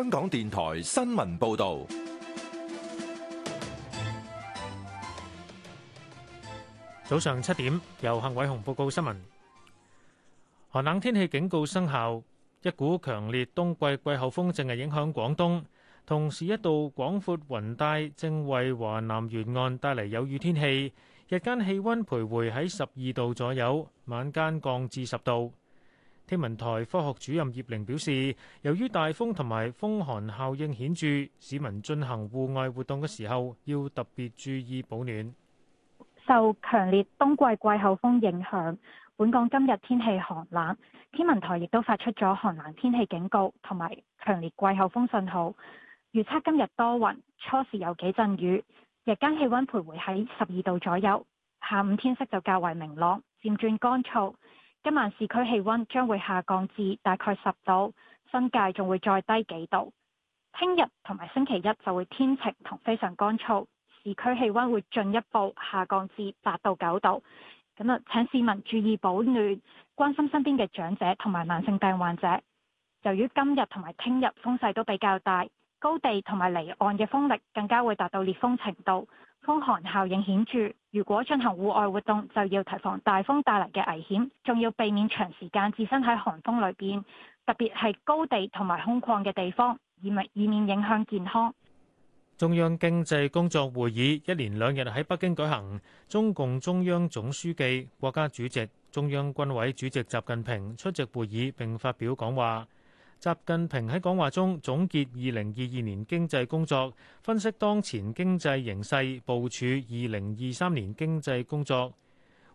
香港電台新聞報道，早上七點，由幸偉雄報告新聞。寒冷天氣警告生效，一股強烈冬季季候風正係影響廣東，同時一道廣闊雲帶正為華南沿岸帶嚟有雨天氣。日間氣温徘徊喺十二度左右，晚間降至十度。天文台科學主任葉玲表示，由於大風同埋風寒效應顯著，市民進行戶外活動嘅時候要特別注意保暖。受強烈冬季季候風影響，本港今日天氣寒冷，天文台亦都發出咗寒冷天氣警告同埋強烈季候風信號。預測今日多雲，初時有幾陣雨，日間氣温徘徊喺十二度左右。下午天色就較為明朗，漸轉乾燥。今晚市區氣溫將會下降至大概十度，新界仲會再低幾度。聽日同埋星期一就會天晴同非常乾燥，市區氣溫會進一步下降至八到九度。咁啊，請市民注意保暖，關心身邊嘅長者同埋慢性病患者。由於今日同埋聽日風勢都比較大，高地同埋離岸嘅風力更加會達到烈風程度。風寒效應顯著，如果進行戶外活動，就要提防大風帶來嘅危險，仲要避免長時間置身喺寒風裏邊，特別係高地同埋空曠嘅地方，以免以免影響健康。中央經濟工作會議一連兩日喺北京舉行，中共中央總書記、國家主席、中央軍委主席習近平出席會議並發表講話。習近平喺講話中總結二零二二年經濟工作，分析當前經濟形勢，部署二零二三年經濟工作。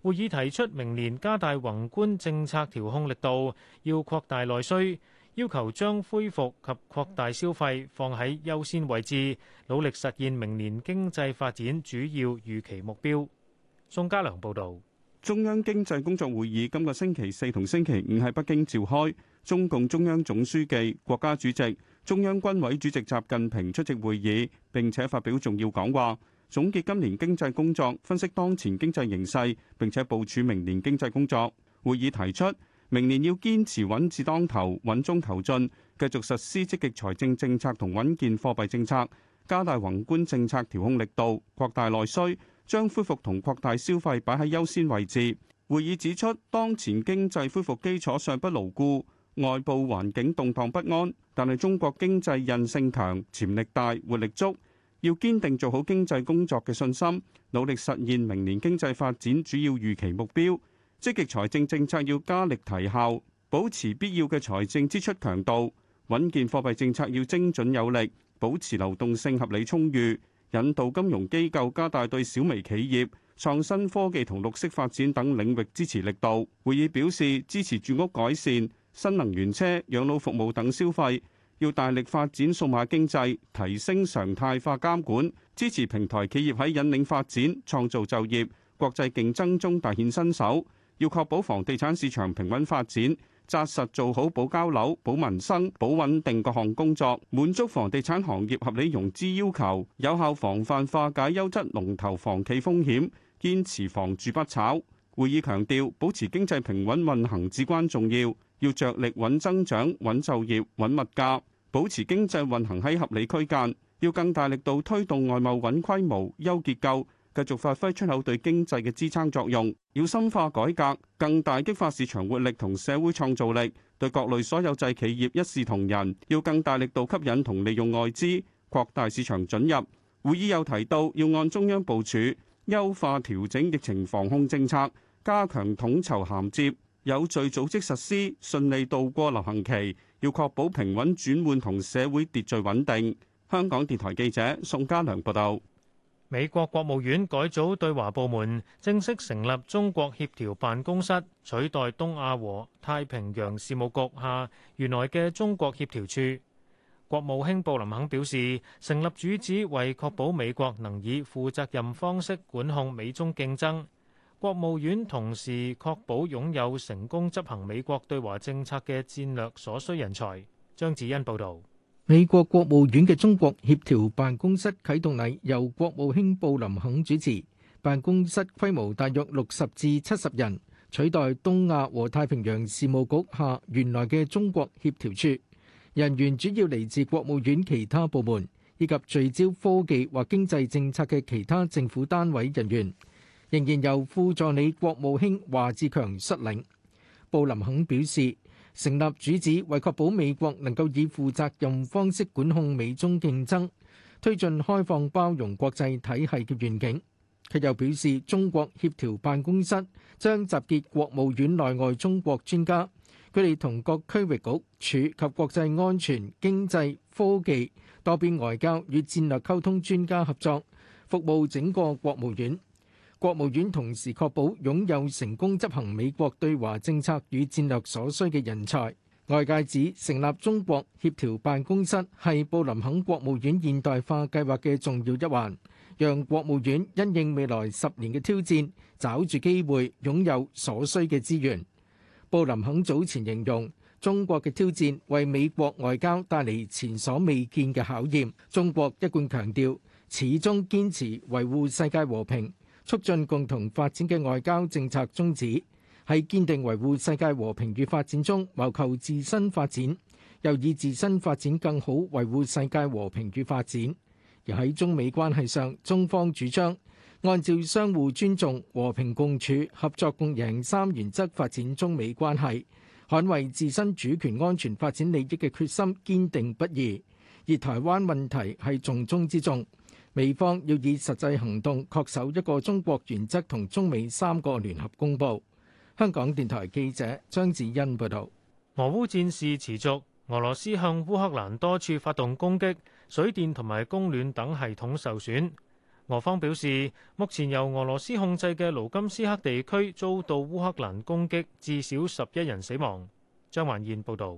會議提出明年加大宏觀政策調控力度，要擴大內需，要求將恢復及擴大消費放喺優先位置，努力實現明年經濟發展主要預期目標。宋家良報導。中央經濟工作會議今個星期四同星期五喺北京召開，中共中央總書記、國家主席、中央軍委主席習近平出席會議，並且發表重要講話，總結今年經濟工作，分析當前經濟形勢，並且部署明年經濟工作。會議提出，明年要堅持穩字當頭、穩中求進，繼續實施積極財政政策同穩健貨幣政策，加大宏觀政策調控力度，擴大內需。將恢復同擴大消費擺喺優先位置。會議指出，當前經濟恢復基礎尚不牢固，外部環境動盪不安，但係中國經濟韌性強、潛力大、活力足，要堅定做好經濟工作嘅信心，努力實現明年經濟發展主要預期目標。積極財政政策要加力提效，保持必要嘅財政支出強度；穩健貨幣政策要精準有力，保持流動性合理充裕。引導金融機構加大對小微企業、創新科技同綠色發展等領域支持力度。會議表示，支持住屋改善、新能源車、養老服務等消費，要大力發展數碼經濟，提升常態化監管，支持平台企業喺引領發展、創造就業、國際競爭中大顯身手。要確保房地產市場平穩發展。紮實做好保交樓、保民生、保穩定各項工作，滿足房地產行業合理融資要求，有效防範化解優質龍頭房企風險，堅持房住不炒。會議強調，保持經濟平穩運行至關重要，要着力穩增長、穩就業、穩物價，保持經濟運行喺合理區間。要更大力度推動外貿穩規模、優結構。繼續發揮出口對經濟嘅支撐作用，要深化改革，更大激發市場活力同社會創造力，對各類所有制企業一視同仁，要更大力度吸引同利用外資，擴大市場准入。會議又提到，要按中央部署，優化調整疫情防控政策，加強統籌銜接，有序組織實施，順利度過流行期，要確保平穩轉換同社會秩序穩定。香港電台記者宋家良報道。美國國務院改組對華部門，正式成立中國協調辦公室，取代東亞和太平洋事務局下原來嘅中國協調處。國務卿布林肯表示，成立主旨為確保美國能以負責任方式管控美中競爭。國務院同時確保擁有成功執行美國對華政策嘅戰略所需人才。張子欣報道。美國國務院嘅中國協調辦公室啟動禮由國務卿布林肯主持，辦公室規模大約六十至七十人，取代東亞和太平洋事務局下原來嘅中國協調處人員，主要嚟自國務院其他部門以及聚焦科技或經濟政策嘅其他政府單位人員，仍然由副助理國務卿華志強率領。布林肯表示。成立主旨為確保美國能夠以負責任方式管控美中競爭，推進開放包容國際體系嘅願景。佢又表示，中國協調辦公室將集結國務院內外中國專家，佢哋同各區域局處及國際安全、經濟、科技、多邊外交與戰略溝通專家合作，服務整個國務院。國務院同時確保擁有成功執行美國對華政策與戰略所需嘅人才。外界指成立中國協調辦公室係布林肯國務院現代化計劃嘅重要一環，讓國務院因應未來十年嘅挑戰，抓住機會擁有所需嘅資源。布林肯早前形容，中國嘅挑戰為美國外交帶嚟前所未見嘅考驗。中國一貫強調，始終堅持維護世界和平。促進共同發展嘅外交政策宗旨，喺堅定維護世界和平與發展中謀求自身發展，又以自身發展更好維護世界和平與發展。而喺中美關係上，中方主張按照相互尊重、和平共處、合作共贏三原則發展中美關係，捍衛自身主權安全發展利益嘅決心堅定不移。而台灣問題係重中之重。美方要以實際行動恪守一個中國原則同中美三個聯合公布。香港電台記者張子欣報道。俄烏戰事持續，俄羅斯向烏克蘭多處發動攻擊，水電同埋供暖等系統受損。俄方表示，目前由俄羅斯控制嘅盧甘斯克地區遭到烏克蘭攻擊，至少十一人死亡。張環燕報道。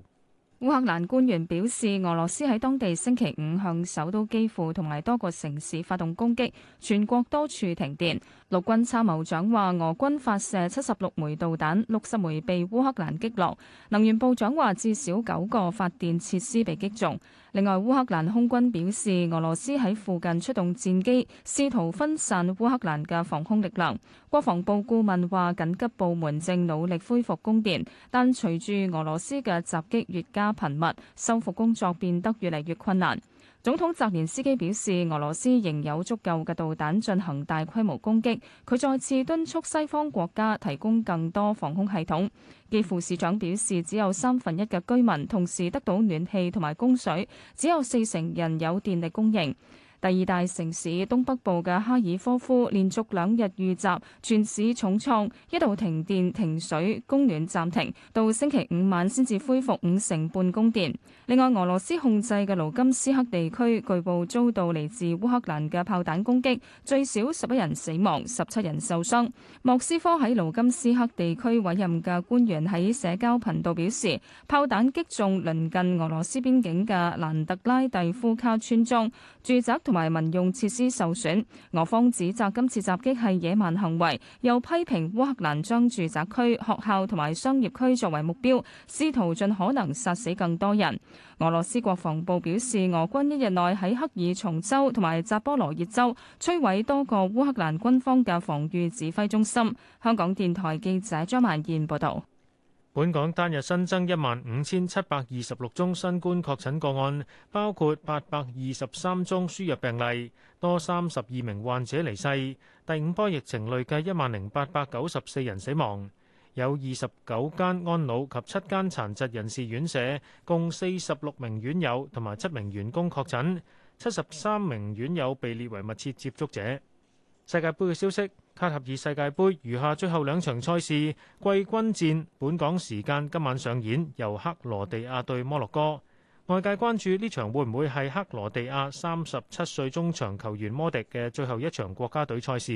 烏克蘭官員表示，俄羅斯喺當地星期五向首都基輔同埋多個城市發動攻擊，全國多處停電。陸軍參謀長話，俄軍發射七十六枚導彈，六十枚被烏克蘭擊落。能源部長話，至少九個發電設施被擊中。另外，烏克蘭空軍表示，俄羅斯喺附近出動戰機，試圖分散烏克蘭嘅防空力量。國防部顧問話，緊急部門正努力恢復供電，但隨住俄羅斯嘅襲擊越加頻密，修復工作變得越嚟越困難。總統澤連斯基表示，俄羅斯仍有足夠嘅導彈進行大規模攻擊。佢再次敦促西方國家提供更多防空系統。基輔市長表示，只有三分一嘅居民同時得到暖氣同埋供水，只有四成人有電力供應。第二大城市東北部嘅哈爾科夫連續兩日遇襲，全市重創，一度停電停水、供暖暫停，到星期五晚先至恢復五成半供電。另外，俄羅斯控制嘅盧金斯克地區據報遭到嚟自烏克蘭嘅炮彈攻擊，最少十一人死亡，十七人受傷。莫斯科喺盧金斯克地區委任嘅官員喺社交頻道表示，炮彈擊中鄰近俄羅斯邊境嘅蘭特拉蒂夫卡村中住宅，同埋民用設施受損，俄方指責今次襲擊係野蠻行為，又批評烏克蘭將住宅區、學校同埋商業區作為目標，試圖盡可能殺死更多人。俄羅斯國防部表示，俄軍一日內喺克爾松州同埋扎波羅熱州摧毀多個烏克蘭軍方嘅防禦指揮中心。香港電台記者張曼燕報道。本港單日新增一萬五千七百二十六宗新冠確診個案，包括八百二十三宗輸入病例，多三十二名患者離世。第五波疫情累計一萬零八百九十四人死亡，有二十九間安老及七間殘疾人士院舍，共四十六名院友同埋七名員工確診，七十三名院友被列為密切接觸者。世界盃嘅消息。卡塔爾世界盃餘下最後兩場賽事，季軍戰，本港時間今晚上演，由克羅地亞對摩洛哥。外界關注呢場會唔會係克羅地亞三十七歲中場球員摩迪嘅最後一場國家隊賽事。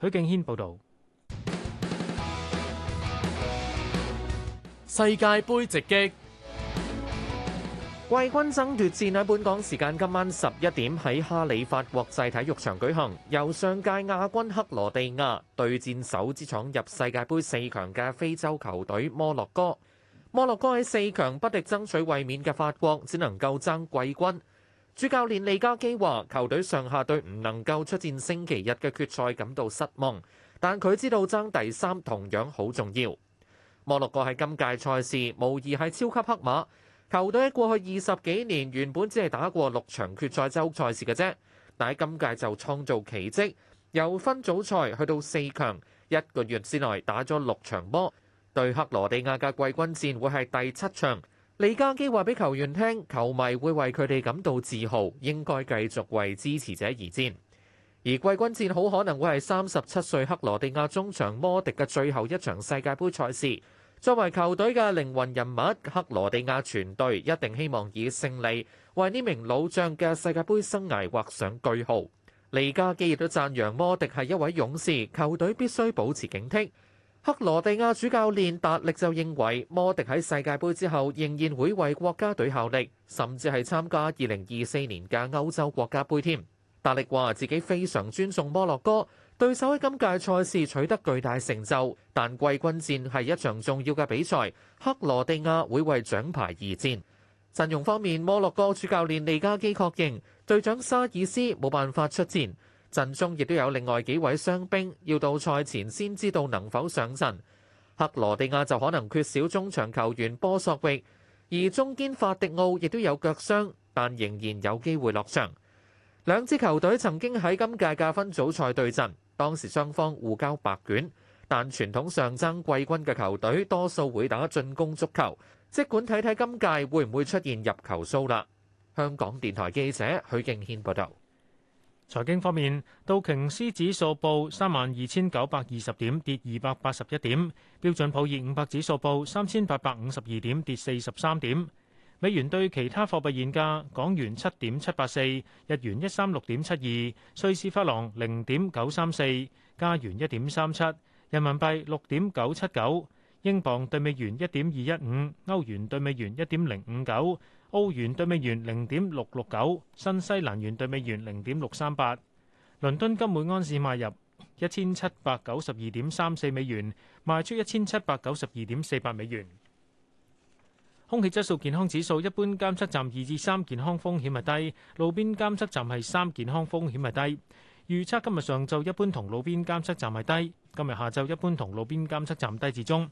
許敬軒報導。世界盃直擊。季軍爭奪戰喺本港時間今晚十一點喺哈里法國際體育場舉行，由上屆亞軍克羅地亞對戰首支闖入世界盃四強嘅非洲球隊摩洛哥。摩洛哥喺四強不敵爭取衛冕嘅法國，只能夠爭季軍。主教練利加基話，球隊上下對唔能夠出戰星期日嘅決賽感到失望，但佢知道爭第三同樣好重要。摩洛哥喺今屆賽事無疑係超級黑馬。球隊喺過去二十幾年原本只係打過六場決賽周賽事嘅啫，但今屆就創造奇迹，由分組賽去到四強，一個月之內打咗六場波。對克羅地亞嘅季軍戰會係第七場。李嘉基話俾球員聽，球迷會為佢哋感到自豪，應該繼續為支持者而戰。而季軍戰好可能會係三十七歲克羅地亞中場摩迪嘅最後一場世界杯賽事。作為球隊嘅靈魂人物，克羅地亞全隊一定希望以勝利為呢名老將嘅世界盃生涯畫上句號。利加基亦都讚揚摩迪係一位勇士，球隊必須保持警惕。克羅地亞主教練達力就認為，摩迪喺世界盃之後仍然會為國家隊效力，甚至係參加二零二四年嘅歐洲國家盃添。達力話自己非常尊重摩洛哥。對手喺今屆賽事取得巨大成就，但季軍戰係一場重要嘅比賽。克羅地亞會為獎牌而戰。陣容方面，摩洛哥主教練利加基確認隊長沙爾斯冇辦法出戰，陣中亦都有另外幾位傷兵要到賽前先知道能否上陣。克羅地亞就可能缺少中場球員波索域，而中堅法迪奧亦都有腳傷，但仍然有機會落場。兩支球隊曾經喺今屆嘅分組賽對陣。當時雙方互交白卷，但傳統上爭季軍嘅球隊多數會打進攻足球，即管睇睇今屆會唔會出現入球數啦。香港電台記者許敬軒報導。財經方面，道瓊斯指數報三萬二千九百二十點，跌二百八十一點；標準普爾五百指數報三千八百五十二點，跌四十三點。美元兌其他貨幣現價：港元七點七八四，日元一三六點七二，瑞士法郎零點九三四，加元一點三七，人民幣六點九七九，英鎊對美元一點二一五，歐元對美元一點零五九，澳元對美元零點六六九，新西蘭元對美元零點六三八。倫敦金每安士賣入一千七百九十二點三四美元，賣出一千七百九十二點四八美元。空氣質素健康指數，一般監測站二至三，健康風險係低；路邊監測站係三，健康風險係低。預測今日上晝一般同路邊監測站係低，今日下晝一般同路邊監測站低至中。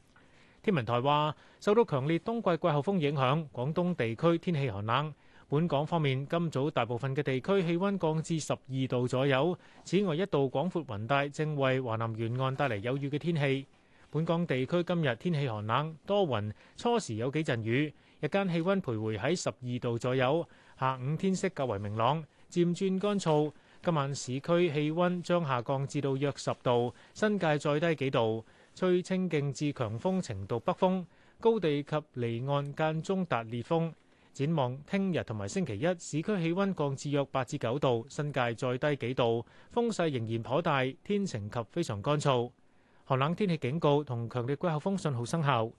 天文台話，受到強烈冬季季候風影響，廣東地區天氣寒冷。本港方面，今早大部分嘅地區氣温降至十二度左右。此外，一度廣闊雲帶正為華南沿岸帶嚟有雨嘅天氣。本港地區今日天氣寒冷，多雲，初時有幾陣雨，日間氣溫徘徊喺十二度左右。下午天色較為明朗，漸轉乾燥。今晚市區氣溫將下降至到約十度，新界再低幾度，吹清勁至強風程度北風，高地及離岸間中達烈風。展望聽日同埋星期一，市區氣溫降至約八至九度，新界再低幾度，風勢仍然頗大，天晴及非常乾燥。寒冷天氣警告同強烈季候風信號生效。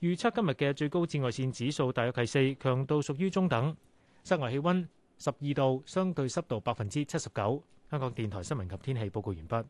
預測今日嘅最高紫外線指數大約係四，強度屬於中等。室外氣溫十二度，相對濕度百分之七十九。香港電台新聞及天氣報告完畢。